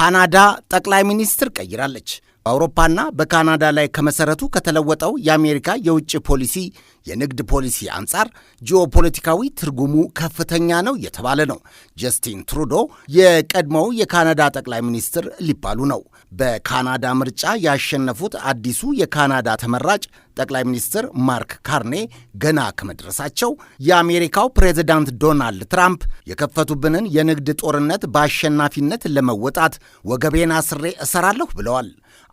ካናዳ ጠቅላይ ሚኒስትር ቀይራለች። በአውሮፓና በካናዳ ላይ ከመሰረቱ ከተለወጠው የአሜሪካ የውጭ ፖሊሲ የንግድ ፖሊሲ አንጻር ጂኦፖለቲካዊ ትርጉሙ ከፍተኛ ነው የተባለ ነው። ጀስቲን ትሩዶ የቀድሞው የካናዳ ጠቅላይ ሚኒስትር ሊባሉ ነው። በካናዳ ምርጫ ያሸነፉት አዲሱ የካናዳ ተመራጭ ጠቅላይ ሚኒስትር ማርክ ካርኔ ገና ከመድረሳቸው የአሜሪካው ፕሬዚዳንት ዶናልድ ትራምፕ የከፈቱብንን የንግድ ጦርነት በአሸናፊነት ለመወጣት ወገቤን አስሬ እሰራለሁ ብለዋል።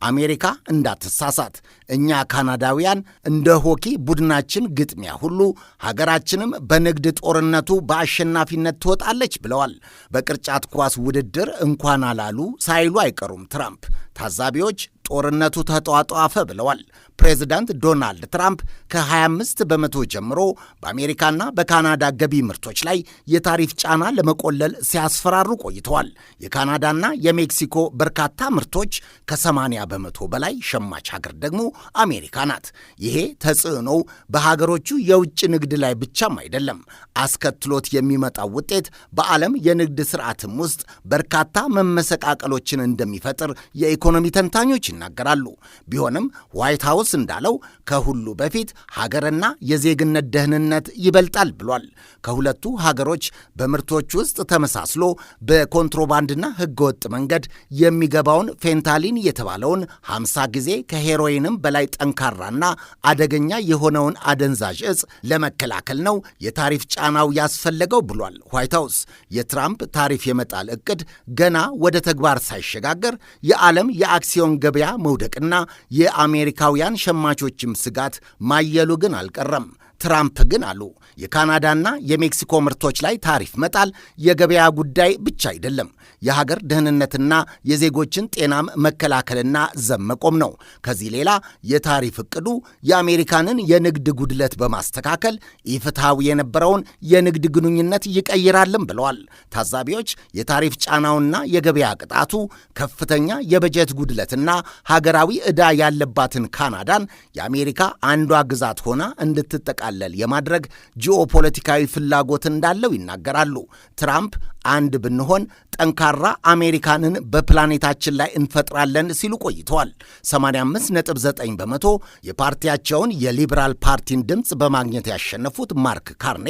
አሜሪካ እንዳትሳሳት፣ እኛ ካናዳውያን እንደ ሆኪ ቡድናችን ግጥሚያ ሁሉ ሀገራችንም በንግድ ጦርነቱ በአሸናፊነት ትወጣለች ብለዋል። በቅርጫት ኳስ ውድድር እንኳን አላሉ ሳይሉ አይቀሩም ትራምፕ ታዛቢዎች ጦርነቱ ተጧጧፈ ብለዋል። ፕሬዚዳንት ዶናልድ ትራምፕ ከ25 በመቶ ጀምሮ በአሜሪካና በካናዳ ገቢ ምርቶች ላይ የታሪፍ ጫና ለመቆለል ሲያስፈራሩ ቆይተዋል። የካናዳና የሜክሲኮ በርካታ ምርቶች ከ80 በመቶ በላይ ሸማች ሀገር ደግሞ አሜሪካ ናት። ይሄ ተጽዕኖው በሀገሮቹ የውጭ ንግድ ላይ ብቻም አይደለም። አስከትሎት የሚመጣው ውጤት በዓለም የንግድ ስርዓትም ውስጥ በርካታ መመሰቃቀሎችን እንደሚፈጥር የኢኮኖሚ ተንታኞች ይናገራሉ። ቢሆንም ዋይት ሀውስ እንዳለው ከሁሉ በፊት ሀገርና የዜግነት ደህንነት ይበልጣል ብሏል። ከሁለቱ ሀገሮች በምርቶች ውስጥ ተመሳስሎ በኮንትሮባንድና ህገወጥ መንገድ የሚገባውን ፌንታሊን የተባለውን 50 ጊዜ ከሄሮይንም በላይ ጠንካራና አደገኛ የሆነውን አደንዛዥ እጽ ለመከላከል ነው የታሪፍ ጫናው ያስፈለገው ብሏል። ዋይት ሀውስ የትራምፕ ታሪፍ የመጣል እቅድ ገና ወደ ተግባር ሳይሸጋገር የዓለም የአክሲዮን ገበያ መውደቅና የአሜሪካውያን ሸማቾችም ስጋት ማየሉ ግን አልቀረም። ትራምፕ ግን አሉ የካናዳና የሜክሲኮ ምርቶች ላይ ታሪፍ መጣል የገበያ ጉዳይ ብቻ አይደለም፣ የሀገር ደህንነትና የዜጎችን ጤናም መከላከልና ዘመቆም ነው። ከዚህ ሌላ የታሪፍ እቅዱ የአሜሪካንን የንግድ ጉድለት በማስተካከል ኢፍትሐዊ የነበረውን የንግድ ግንኙነት ይቀይራልም ብለዋል ታዛቢዎች። የታሪፍ ጫናውና የገበያ ቅጣቱ ከፍተኛ የበጀት ጉድለትና ሀገራዊ ዕዳ ያለባትን ካናዳን የአሜሪካ አንዷ ግዛት ሆና እንድትጠቃ እንዲቃለል የማድረግ ጂኦፖለቲካዊ ፍላጎት እንዳለው ይናገራሉ። ትራምፕ አንድ ብንሆን ጠንካራ አሜሪካንን በፕላኔታችን ላይ እንፈጥራለን ሲሉ ቆይተዋል። 85.9 በመቶ የፓርቲያቸውን የሊበራል ፓርቲን ድምፅ በማግኘት ያሸነፉት ማርክ ካርኔ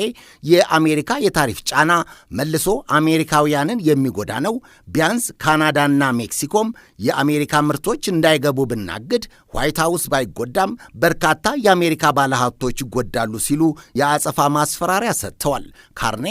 የአሜሪካ የታሪፍ ጫና መልሶ አሜሪካውያንን የሚጎዳ ነው፣ ቢያንስ ካናዳና ሜክሲኮም የአሜሪካ ምርቶች እንዳይገቡ ብናግድ ዋይት ሀውስ ባይጎዳም በርካታ የአሜሪካ ባለሀብቶች ይጎዳሉ ይገባሉ ሲሉ የአጸፋ ማስፈራሪያ ሰጥተዋል። ካርኔ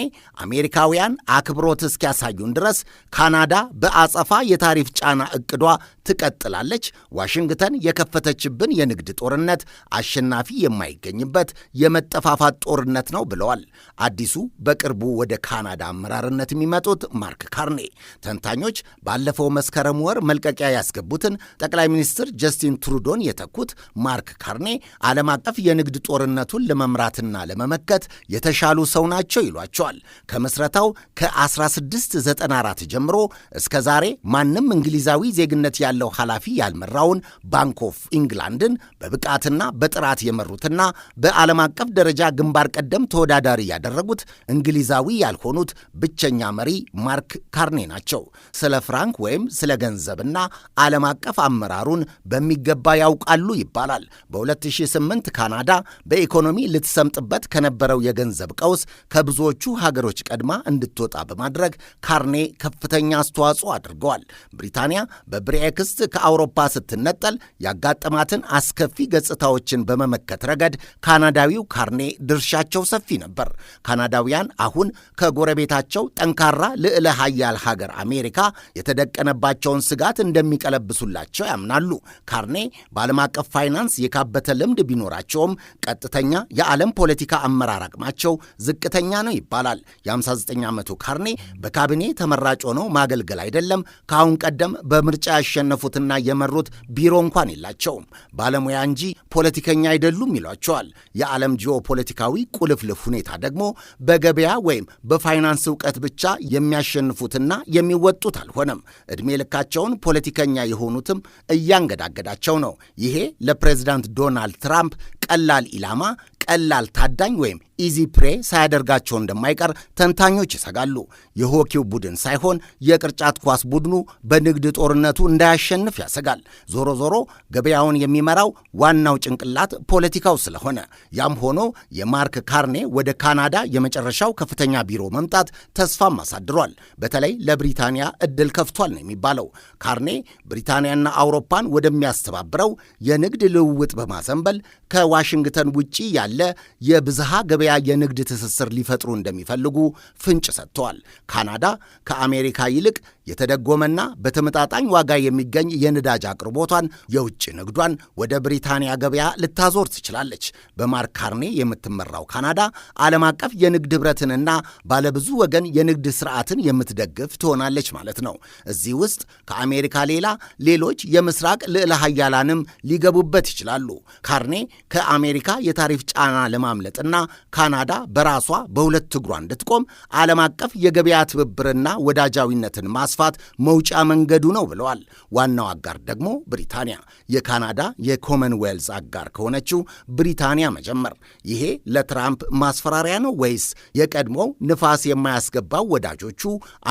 አሜሪካውያን አክብሮት እስኪያሳዩን ድረስ ካናዳ በአጸፋ የታሪፍ ጫና እቅዷ ትቀጥላለች፣ ዋሽንግተን የከፈተችብን የንግድ ጦርነት አሸናፊ የማይገኝበት የመጠፋፋት ጦርነት ነው ብለዋል። አዲሱ በቅርቡ ወደ ካናዳ አመራርነት የሚመጡት ማርክ ካርኔ ተንታኞች ባለፈው መስከረም ወር መልቀቂያ ያስገቡትን ጠቅላይ ሚኒስትር ጀስቲን ትሩዶን የተኩት ማርክ ካርኔ ዓለም አቀፍ የንግድ ጦርነቱን ለመ ለመምራትና ለመመከት የተሻሉ ሰው ናቸው ይሏቸዋል። ከምስረታው ከ1694 ጀምሮ እስከ ዛሬ ማንም እንግሊዛዊ ዜግነት ያለው ኃላፊ ያልመራውን ባንክ ኦፍ ኢንግላንድን በብቃትና በጥራት የመሩትና በዓለም አቀፍ ደረጃ ግንባር ቀደም ተወዳዳሪ ያደረጉት እንግሊዛዊ ያልሆኑት ብቸኛ መሪ ማርክ ካርኔ ናቸው። ስለ ፍራንክ ወይም ስለ ገንዘብና ዓለም አቀፍ አመራሩን በሚገባ ያውቃሉ ይባላል። በ2008 ካናዳ በኢኮኖሚ ልትሰምጥበት ከነበረው የገንዘብ ቀውስ ከብዙዎቹ ሀገሮች ቀድማ እንድትወጣ በማድረግ ካርኔ ከፍተኛ አስተዋጽኦ አድርገዋል። ብሪታንያ በብሬክስ ከአውሮፓ ስትነጠል ያጋጠማትን አስከፊ ገጽታዎችን በመመከት ረገድ ካናዳዊው ካርኔ ድርሻቸው ሰፊ ነበር። ካናዳውያን አሁን ከጎረቤታቸው ጠንካራ ልዕለ ሀያል ሀገር አሜሪካ የተደቀነባቸውን ስጋት እንደሚቀለብሱላቸው ያምናሉ። ካርኔ በዓለም አቀፍ ፋይናንስ የካበተ ልምድ ቢኖራቸውም ቀጥተኛ የዓለም ፖለቲካ አመራር አቅማቸው ዝቅተኛ ነው ይባላል። የ59 ዓመቱ ካርኔ በካቢኔ ተመራጭ ሆነው ማገልገል አይደለም ከአሁን ቀደም በምርጫ ያሸነፉትና የመሩት ቢሮ እንኳን የላቸውም። ባለሙያ እንጂ ፖለቲከኛ አይደሉም ይሏቸዋል። የዓለም ጂኦፖለቲካዊ ቁልፍልፍ ሁኔታ ደግሞ በገበያ ወይም በፋይናንስ እውቀት ብቻ የሚያሸንፉትና የሚወጡት አልሆነም። ዕድሜ ልካቸውን ፖለቲከኛ የሆኑትም እያንገዳገዳቸው ነው። ይሄ ለፕሬዚዳንት ዶናልድ ትራምፕ ቀላል ኢላማ ቀላል ታዳኝ ወይም ኢዚ ፕሬ ሳያደርጋቸው እንደማይቀር ተንታኞች ይሰጋሉ። የሆኪው ቡድን ሳይሆን የቅርጫት ኳስ ቡድኑ በንግድ ጦርነቱ እንዳያሸንፍ ያሰጋል። ዞሮ ዞሮ ገበያውን የሚመራው ዋናው ጭንቅላት ፖለቲካው ስለሆነ፣ ያም ሆኖ የማርክ ካርኔ ወደ ካናዳ የመጨረሻው ከፍተኛ ቢሮ መምጣት ተስፋም አሳድሯል። በተለይ ለብሪታንያ እድል ከፍቷል ነው የሚባለው። ካርኔ ብሪታንያና አውሮፓን ወደሚያስተባብረው የንግድ ልውውጥ በማዘንበል ከዋሽንግተን ውጪ ያለ ያለ የብዝሃ ገበያ የንግድ ትስስር ሊፈጥሩ እንደሚፈልጉ ፍንጭ ሰጥተዋል። ካናዳ ከአሜሪካ ይልቅ የተደጎመና በተመጣጣኝ ዋጋ የሚገኝ የነዳጅ አቅርቦቷን፣ የውጭ ንግዷን ወደ ብሪታንያ ገበያ ልታዞር ትችላለች። በማርክ ካርኔ የምትመራው ካናዳ ዓለም አቀፍ የንግድ ኅብረትንና ባለብዙ ወገን የንግድ ሥርዓትን የምትደግፍ ትሆናለች ማለት ነው። እዚህ ውስጥ ከአሜሪካ ሌላ ሌሎች የምስራቅ ልዕለ ሀያላንም ሊገቡበት ይችላሉ። ካርኔ ከአሜሪካ የታሪፍ ጫና ለማምለጥና ካናዳ በራሷ በሁለት እግሯ እንድትቆም ዓለም አቀፍ የገበያ ትብብርና ወዳጃዊነትን ማስ መስፋት መውጫ መንገዱ ነው ብለዋል። ዋናው አጋር ደግሞ ብሪታንያ፣ የካናዳ የኮመንዌልዝ አጋር ከሆነችው ብሪታንያ መጀመር። ይሄ ለትራምፕ ማስፈራሪያ ነው ወይስ የቀድሞው ንፋስ የማያስገባው ወዳጆቹ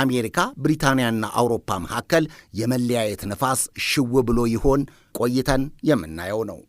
አሜሪካ፣ ብሪታንያና አውሮፓ መካከል የመለያየት ንፋስ ሽው ብሎ ይሆን? ቆይተን የምናየው ነው።